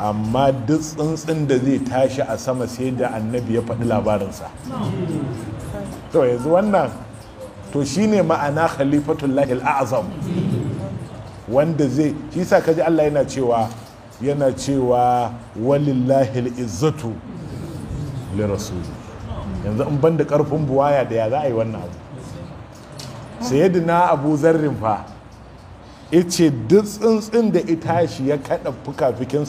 amma duk tsuntsun da zai tashi a sama sai da annabi ya faɗi labarinsa to yanzu wannan to shi ne ma'ana lahil a'azam wanda zai shi sa kaji Allah yana cewa yana cewa walillahi izzatu li rasuli yanzu in banda karfin buwaya da ya za a yi wannan abu sayyidina abu zarrin fa ice duk tsuntsun da ita shi ya kaɗa fuka